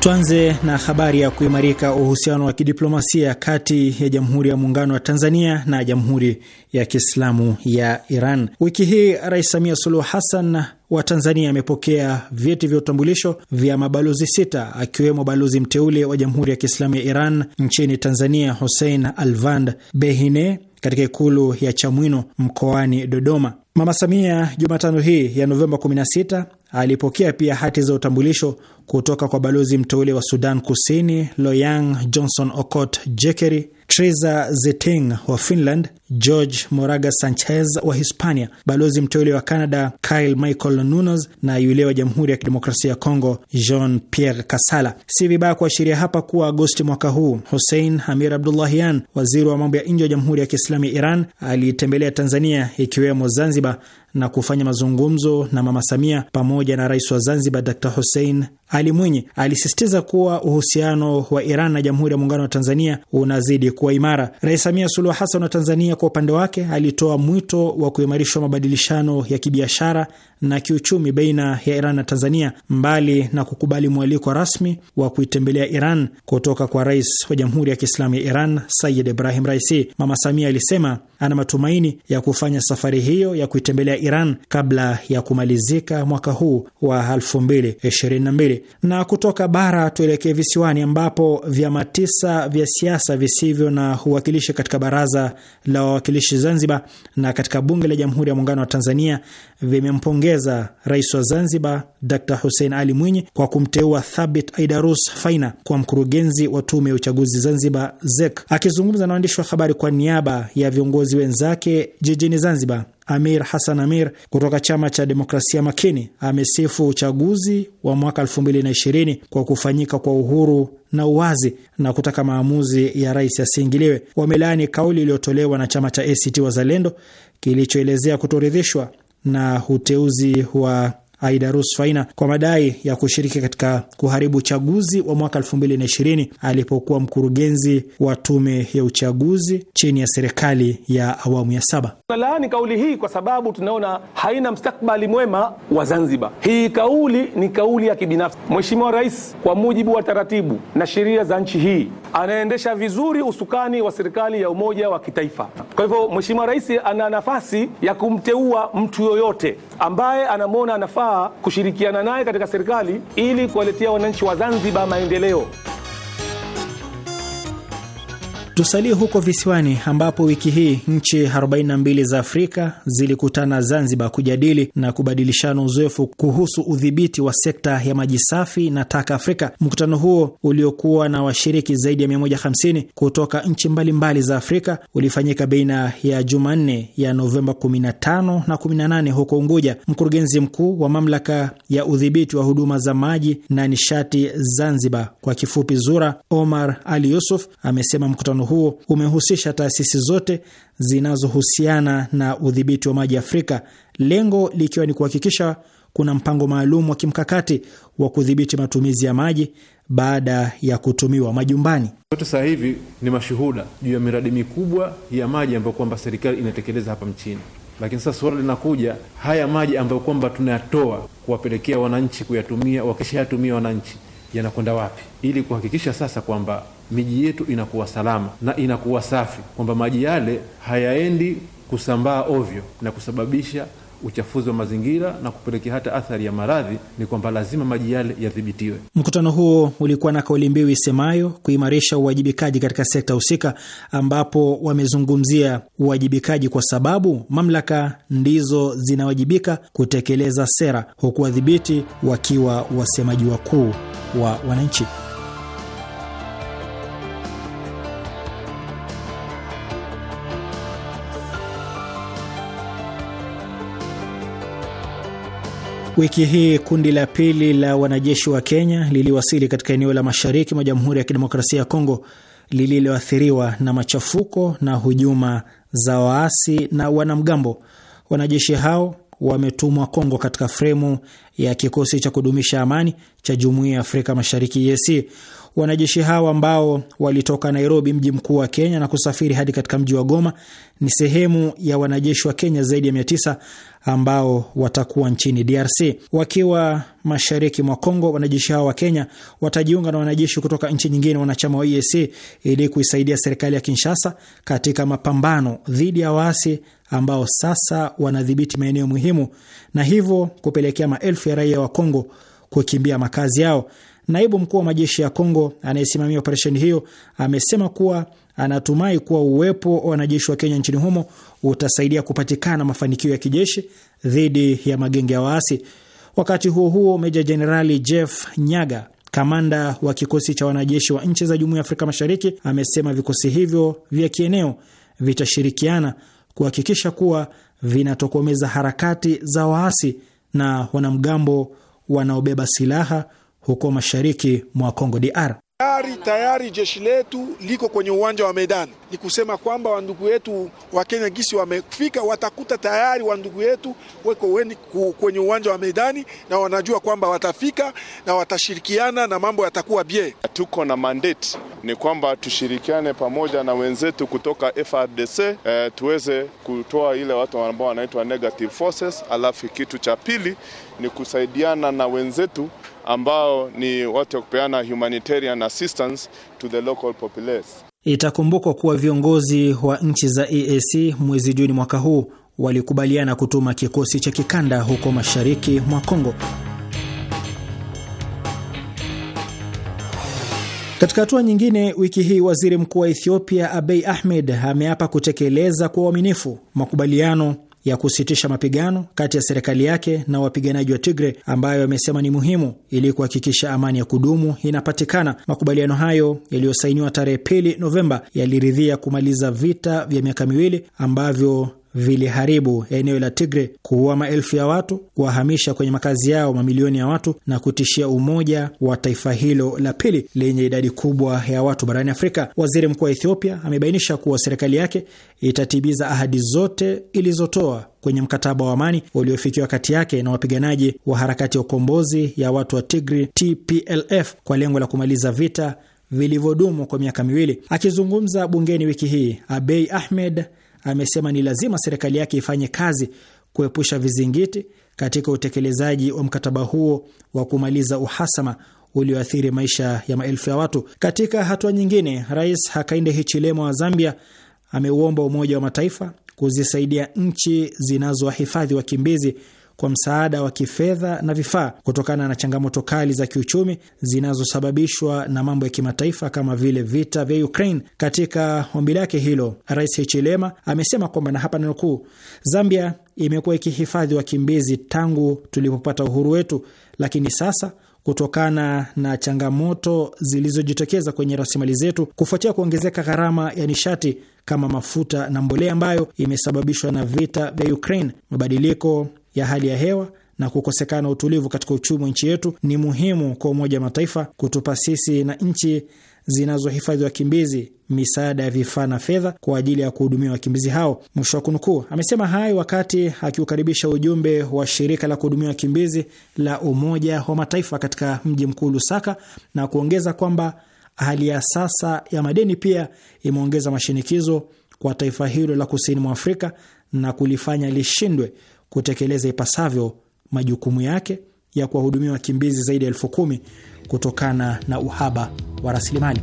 Tuanze na habari ya kuimarika uhusiano wa kidiplomasia kati ya Jamhuri ya Muungano wa Tanzania na Jamhuri ya Kiislamu ya Iran. Wiki hii Rais Samia Suluhu Hassan wa Tanzania amepokea vyeti vya utambulisho vya mabalozi sita akiwemo balozi mteule wa Jamhuri ya Kiislamu ya Iran nchini Tanzania Hussein Alvand Behine katika ikulu ya Chamwino mkoani Dodoma. Mama Samia Jumatano hii ya Novemba 16 alipokea pia hati za utambulisho kutoka kwa balozi mteule wa Sudan Kusini Loyang Johnson Okot Jekeri, Treza zeting wa Finland George Moraga Sanchez wa Hispania, balozi mteule wa Canada Kyle Michael Nunes na yule wa Jamhuri ya Kidemokrasia ya Kongo Jean Pierre Kasala. Si vibaya kuashiria hapa kuwa Agosti mwaka huu Hussein Amir Abdullahian, waziri wa mambo ya nje wa Jamhuri ya Kiislamu ya Iran, aliitembelea Tanzania ikiwemo Zanzibar na kufanya mazungumzo na Mama Samia pamoja na rais wa Zanzibar Dr Hussein Ali Mwinyi. Alisisitiza kuwa uhusiano wa Iran na Jamhuri ya Muungano wa Tanzania unazidi kuwa imara. Rais Samia Suluhu Hassan wa Tanzania kwa upande wake alitoa mwito wa kuimarishwa mabadilishano ya kibiashara na kiuchumi baina ya Iran na Tanzania, mbali na kukubali mwaliko rasmi wa kuitembelea Iran kutoka kwa rais wa Jamhuri ya Kiislamu ya Iran Sayid Ibrahim Raisi, Mama Samia alisema ana matumaini ya kufanya safari hiyo ya kuitembelea Iran kabla ya kumalizika mwaka huu wa 2022. Na kutoka bara tuelekee visiwani ambapo vyama tisa vya siasa visivyo na uwakilishi katika baraza la wawakilishi Zanzibar na katika bunge la Jamhuri ya Muungano wa Tanzania vimempongea kumpongeza rais wa Zanzibar Dr Hussein Ali Mwinyi kwa kumteua Thabit Aidarus Faina kwa mkurugenzi wa tume ya uchaguzi Zanzibar, ZEK. Akizungumza na waandishi wa habari kwa niaba ya viongozi wenzake jijini Zanzibar, Amir Hassan Amir kutoka chama cha demokrasia makini amesifu uchaguzi wa mwaka 2020 kwa kufanyika kwa uhuru na uwazi na kutaka maamuzi ya rais yasiingiliwe. Wamelaani kauli iliyotolewa na chama cha ACT Wazalendo kilichoelezea kutoridhishwa na uteuzi wa Aida Rus Faina kwa madai ya kushiriki katika kuharibu uchaguzi wa mwaka 2020 alipokuwa mkurugenzi wa tume ya uchaguzi chini ya serikali ya awamu ya saba. Tunalaani kauli hii kwa sababu tunaona haina mstakbali mwema wa Zanzibar. Hii kauli ni kauli ya kibinafsi. Mheshimiwa Rais, kwa mujibu wa taratibu na sheria za nchi hii, anaendesha vizuri usukani wa serikali ya umoja wa kitaifa. Kwa hivyo, Mheshimiwa Rais ana nafasi ya kumteua mtu yoyote ambaye anamwona anafaa kushirikiana naye katika serikali ili kuwaletea wananchi wa Zanzibar maendeleo. Tusalie huko visiwani ambapo wiki hii nchi 42 za Afrika zilikutana Zanzibar kujadili na kubadilishana uzoefu kuhusu udhibiti wa sekta ya maji safi na taka Afrika. Mkutano huo uliokuwa na washiriki zaidi ya 150 kutoka nchi mbalimbali za Afrika ulifanyika baina ya Jumanne ya Novemba 15 na 18 huko Unguja. Mkurugenzi mkuu wa mamlaka ya udhibiti wa huduma za maji na nishati Zanzibar, kwa kifupi ZURA, Omar Ali Yusuf amesema mkutano mkutano huo umehusisha taasisi zote zinazohusiana na udhibiti wa maji Afrika, lengo likiwa ni kuhakikisha kuna mpango maalum wa kimkakati wa kudhibiti matumizi ya maji baada ya kutumiwa majumbani. Wote sasa hivi ni mashuhuda juu ya miradi mikubwa ya maji ambayo kwamba serikali inatekeleza hapa mchini, lakini sasa suala linakuja, haya maji ambayo kwamba tunayatoa kuwapelekea wananchi kuyatumia, wakishayatumia wananchi yanakwenda wapi, ili kuhakikisha sasa kwamba miji yetu inakuwa salama na inakuwa safi, kwamba maji yale hayaendi kusambaa ovyo na kusababisha uchafuzi wa mazingira na kupelekea hata athari ya maradhi, ni kwamba lazima maji yale yadhibitiwe. Mkutano huo ulikuwa na kauli mbiu isemayo kuimarisha uwajibikaji katika sekta husika, ambapo wamezungumzia uwajibikaji kwa sababu mamlaka ndizo zinawajibika kutekeleza sera, huku wadhibiti wakiwa wasemaji wakuu wa wananchi. Wiki hii kundi la pili la wanajeshi wa Kenya liliwasili katika eneo la mashariki mwa Jamhuri ya Kidemokrasia ya Kongo lililoathiriwa na machafuko na hujuma za waasi na wanamgambo. Wanajeshi hao wametumwa Kongo katika fremu ya kikosi cha kudumisha amani cha Jumuiya ya Afrika Mashariki EAC. Wanajeshi hao ambao walitoka Nairobi, mji mkuu wa Kenya, na kusafiri hadi katika mji wa Goma ni sehemu ya wanajeshi wa Kenya zaidi ya 900 ambao watakuwa nchini DRC. Wakiwa mashariki mwa Kongo, wanajeshi hao wa Kenya watajiunga na wanajeshi kutoka nchi nyingine wanachama wa EAC ili kuisaidia serikali ya Kinshasa katika mapambano dhidi ya waasi ambao sasa wanadhibiti maeneo muhimu na hivyo kupelekea maelfu ya raia wa Kongo kukimbia makazi yao. Naibu mkuu wa majeshi ya Kongo anayesimamia operesheni hiyo amesema kuwa anatumai kuwa uwepo wa wanajeshi wa Kenya nchini humo utasaidia kupatikana mafanikio ya kijeshi dhidi ya magenge ya waasi. Wakati huo huo, Meja Jenerali Jeff Nyaga, kamanda wa kikosi cha wanajeshi wa nchi za Jumuiya ya Afrika Mashariki, amesema vikosi hivyo vya kieneo vitashirikiana kuhakikisha kuwa vinatokomeza harakati za waasi na wanamgambo wanaobeba silaha huko mashariki mwa congo DR. Tayari tayari jeshi letu liko kwenye uwanja wa medani. Ni kusema kwamba wandugu yetu wa Kenya gisi wamefika, watakuta tayari wandugu yetu weko weni kwenye uwanja wa medani, na wanajua kwamba watafika na watashirikiana na mambo yatakuwa bie. Tuko na mandate ni kwamba tushirikiane pamoja na wenzetu kutoka FRDC e, eh, tuweze kutoa ile watu ambao wanaitwa negative forces, alafu kitu cha pili ni kusaidiana na wenzetu ambao ni watu wa kupeana humanitarian assistance to the local populace. Itakumbukwa kuwa viongozi wa nchi za EAC mwezi Juni mwaka huu walikubaliana kutuma kikosi cha kikanda huko mashariki mwa Kongo. Katika hatua nyingine, wiki hii waziri mkuu wa Ethiopia Abiy Ahmed ameapa kutekeleza kwa uaminifu makubaliano ya kusitisha mapigano kati ya serikali yake na wapiganaji wa Tigre ambayo amesema ni muhimu ili kuhakikisha amani ya kudumu inapatikana. Makubaliano hayo yaliyosainiwa tarehe pili Novemba yaliridhia kumaliza vita vya miaka miwili ambavyo viliharibu eneo la Tigre, kuua maelfu ya watu, kuwahamisha kwenye makazi yao mamilioni ya watu na kutishia umoja wa taifa hilo la pili lenye idadi kubwa ya watu barani Afrika. Waziri mkuu wa Ethiopia amebainisha kuwa serikali yake itatibiza ahadi zote ilizotoa kwenye mkataba wa amani uliofikiwa kati yake na wapiganaji wa harakati ya ukombozi ya watu wa Tigri TPLF kwa lengo la kumaliza vita vilivyodumu kwa miaka miwili. Akizungumza bungeni wiki hii, Abei Ahmed amesema ni lazima serikali yake ifanye kazi kuepusha vizingiti katika utekelezaji wa mkataba huo wa kumaliza uhasama ulioathiri maisha ya maelfu ya watu. Katika hatua nyingine, Rais Hakainde Hichilema wa Zambia ameuomba Umoja wa Mataifa kuzisaidia nchi zinazowahifadhi wakimbizi kwa msaada wa kifedha na vifaa kutokana na changamoto kali za kiuchumi zinazosababishwa na mambo ya kimataifa kama vile vita vya Ukraine. Katika ombi lake hilo, Rais Hichilema amesema kwamba, na hapa nanukuu, Zambia imekuwa ikihifadhi wakimbizi tangu tulipopata uhuru wetu, lakini sasa kutokana na changamoto zilizojitokeza kwenye rasilimali zetu kufuatia kuongezeka gharama ya nishati kama mafuta na mbolea ambayo imesababishwa na vita vya Ukraine, mabadiliko ya hali ya hewa na kukosekana utulivu katika uchumi wa nchi yetu, ni muhimu kwa Umoja wa Mataifa kutupa sisi na nchi zinazohifadhi wakimbizi misaada ya vifaa na fedha kwa ajili ya kuhudumia wakimbizi hao. Mwisho wa kunukuu. Amesema hayo wakati akiukaribisha ujumbe wa shirika la kuhudumia wakimbizi la Umoja wa Mataifa katika mji mkuu Lusaka, na kuongeza kwamba hali ya sasa ya madeni pia imeongeza mashinikizo kwa taifa hilo la kusini mwa Afrika na kulifanya lishindwe kutekeleza ipasavyo majukumu yake ya kuwahudumia wakimbizi zaidi ya elfu kumi kutokana na uhaba wa rasilimali.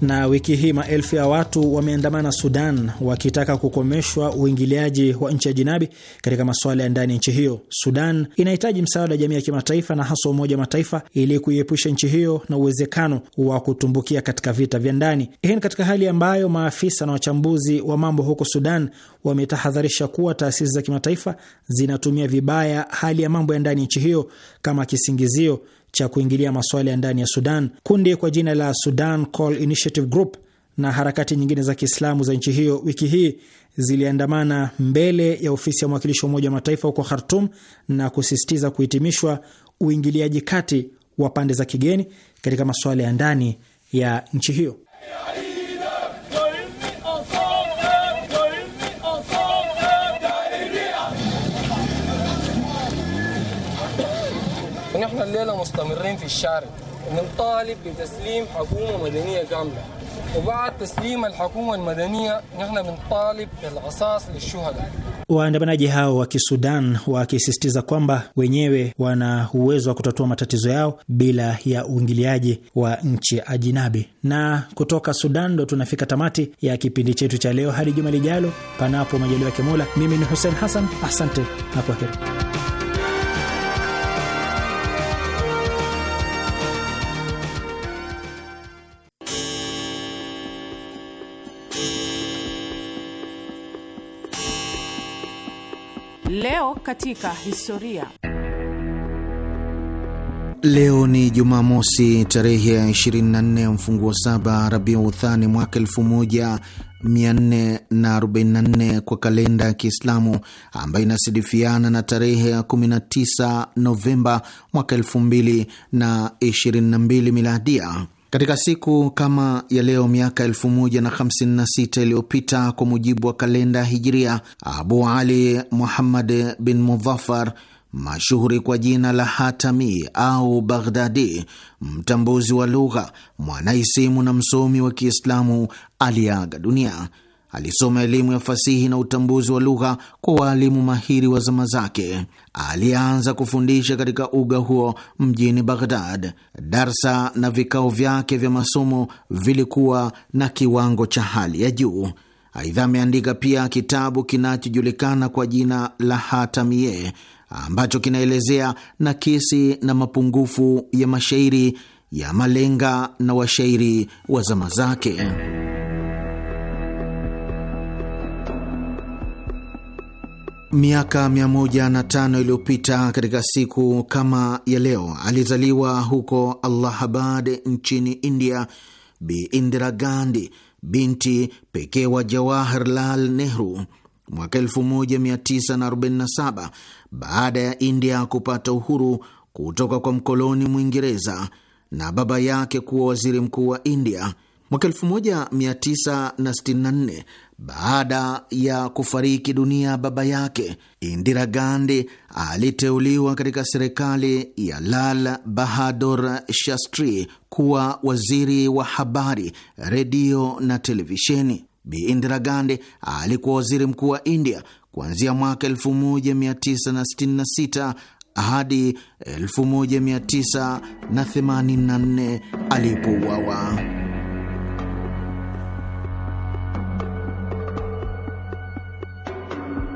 Na wiki hii maelfu ya watu wameandamana Sudan wakitaka kukomeshwa uingiliaji wa nchi ya jinabi katika masuala ya ndani ya nchi hiyo. Sudan inahitaji msaada wa jamii ya kimataifa na hasa Umoja wa Mataifa ili kuiepusha nchi hiyo na uwezekano wa kutumbukia katika vita vya ndani. Hii ni katika hali ambayo maafisa na wachambuzi wa mambo huko Sudan wametahadharisha kuwa taasisi za kimataifa zinatumia vibaya hali ya mambo ya ndani ya nchi hiyo kama kisingizio cha kuingilia masuala ya ndani ya Sudan, kundi kwa jina la Sudan Call Initiative Group na harakati nyingine za Kiislamu za nchi hiyo wiki hii ziliandamana mbele ya ofisi ya mwakilishi wa Umoja wa Mataifa huko Khartum na kusisitiza kuhitimishwa uingiliaji kati wa pande za kigeni katika masuala ya ndani ya nchi hiyo. مستمرين في الشارع نطالب بتسليم حكومة مدنية كاملة وبعد تسليم الحكومة المدنية نحن بنطالب بالقصاص للشهداء Waandamanaji hao wa Kisudan wakisisitiza kwamba wenyewe wana uwezo wa kutatua matatizo yao bila ya uingiliaji wa nchi ajinabi. Na kutoka Sudan ndo tunafika tamati ya kipindi chetu cha leo. Hadi juma lijalo, panapo majaliwa ya Mola, mimi ni Hussein Hassan, asante na kwaheri. Leo katika historia. Leo ni Jumamosi tarehe ya 24 mfunguo saba Rabiu Uthani mwaka 1444 kwa kalenda ya Kiislamu, ambayo inasidifiana na tarehe ya 19 Novemba mwaka 2022 miladia. Katika siku kama ya leo miaka 1056 iliyopita kwa mujibu wa kalenda Hijiria, Abu Ali Muhammad bin Mudhafar mashuhuri kwa jina la Hatami au Baghdadi, mtambuzi wa lugha, mwanaisimu na msomi wa Kiislamu aliaga dunia. Alisoma elimu ya fasihi na utambuzi wa lugha kwa waalimu mahiri wa zama zake. Alianza kufundisha katika uga huo mjini Baghdad. Darsa na vikao vyake vya masomo vilikuwa na kiwango cha hali ya juu. Aidha, ameandika pia kitabu kinachojulikana kwa jina la Hatamie ambacho kinaelezea nakisi na mapungufu ya mashairi ya malenga na washairi wa zama zake. Miaka 105 iliyopita katika siku kama ya leo alizaliwa huko Allahabad nchini India Bi Indira Gandhi, binti pekee wa Jawaharlal Nehru. Mwaka 1947 baada ya India kupata uhuru kutoka kwa mkoloni Mwingereza na baba yake kuwa waziri mkuu wa India, Mwaka 1964 baada ya kufariki dunia baba yake, Indira Gandhi aliteuliwa katika serikali ya Lal Bahadur Shastri kuwa waziri wa habari, redio na televisheni. Bi Indira Gandhi alikuwa waziri mkuu wa India kuanzia mwaka 1966 hadi 1984 alipouawa.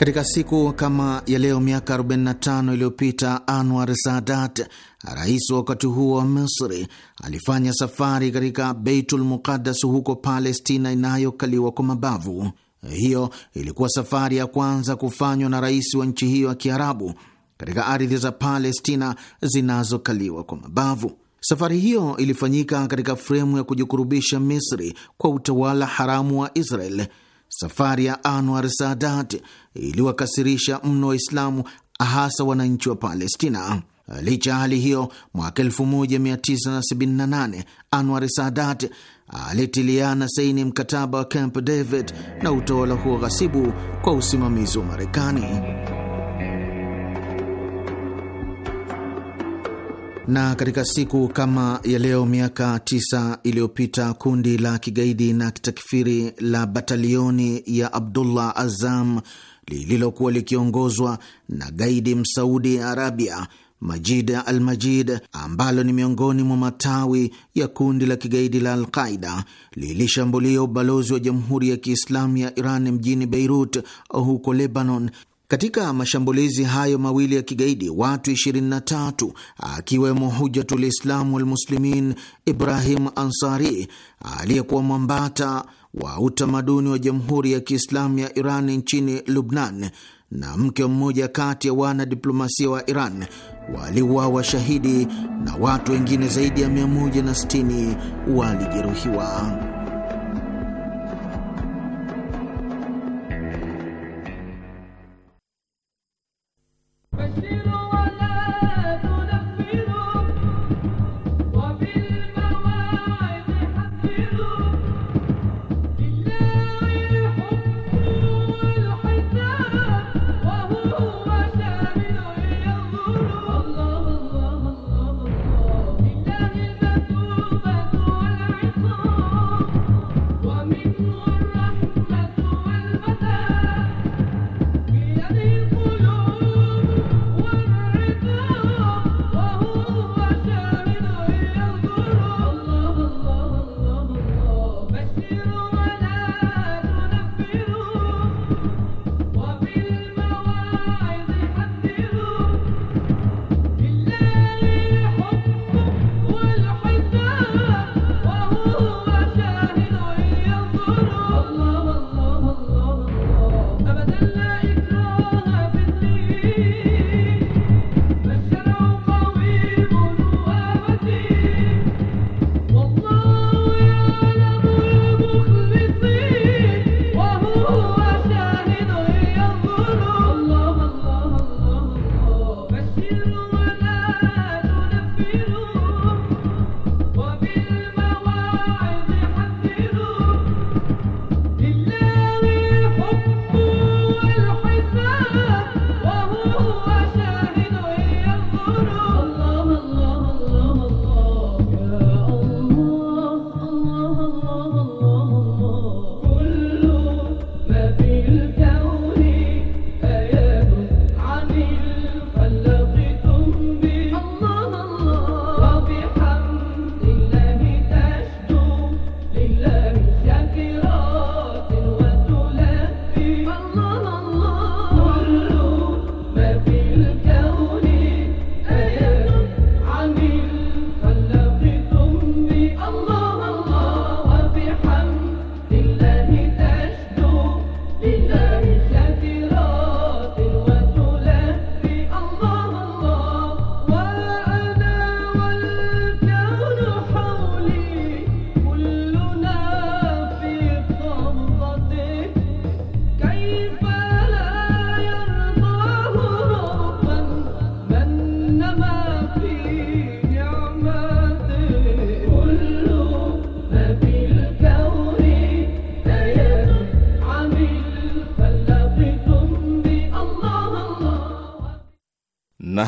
Katika siku kama ya leo miaka 45 iliyopita Anwar Sadat, rais wa wakati huo wa Misri, alifanya safari katika Beitul Muqaddas huko Palestina inayokaliwa kwa mabavu. Hiyo ilikuwa safari ya kwanza kufanywa na rais wa nchi hiyo ya Kiarabu katika ardhi za Palestina zinazokaliwa kwa mabavu. Safari hiyo ilifanyika katika fremu ya kujikurubisha Misri kwa utawala haramu wa Israel Safari ya Anwar Sadat iliwakasirisha mno Waislamu, hasa wananchi wa Palestina. Licha ya hali hiyo, mwaka 1978 Anwar Sadat alitiliana saini mkataba wa Camp David na utawala huo ghasibu kwa usimamizi wa Marekani. Na katika siku kama ya leo miaka tisa iliyopita kundi la kigaidi na kitakfiri la batalioni ya Abdullah Azam lililokuwa likiongozwa na gaidi Msaudi Arabia Majid al Majid, ambalo ni miongoni mwa matawi ya kundi la kigaidi la Alqaida, lilishambulia ubalozi wa Jamhuri ya Kiislamu ya Iran mjini Beirut huko Lebanon katika mashambulizi hayo mawili ya kigaidi watu 23 akiwemo Hujatul islamu walmuslimin Ibrahim Ansari aliyekuwa mwambata wa utamaduni wa Jamhuri ya Kiislamu ya Iran nchini Lubnan na mke mmoja kati ya wanadiplomasia wa Iran waliuawa shahidi na watu wengine zaidi ya 160 walijeruhiwa.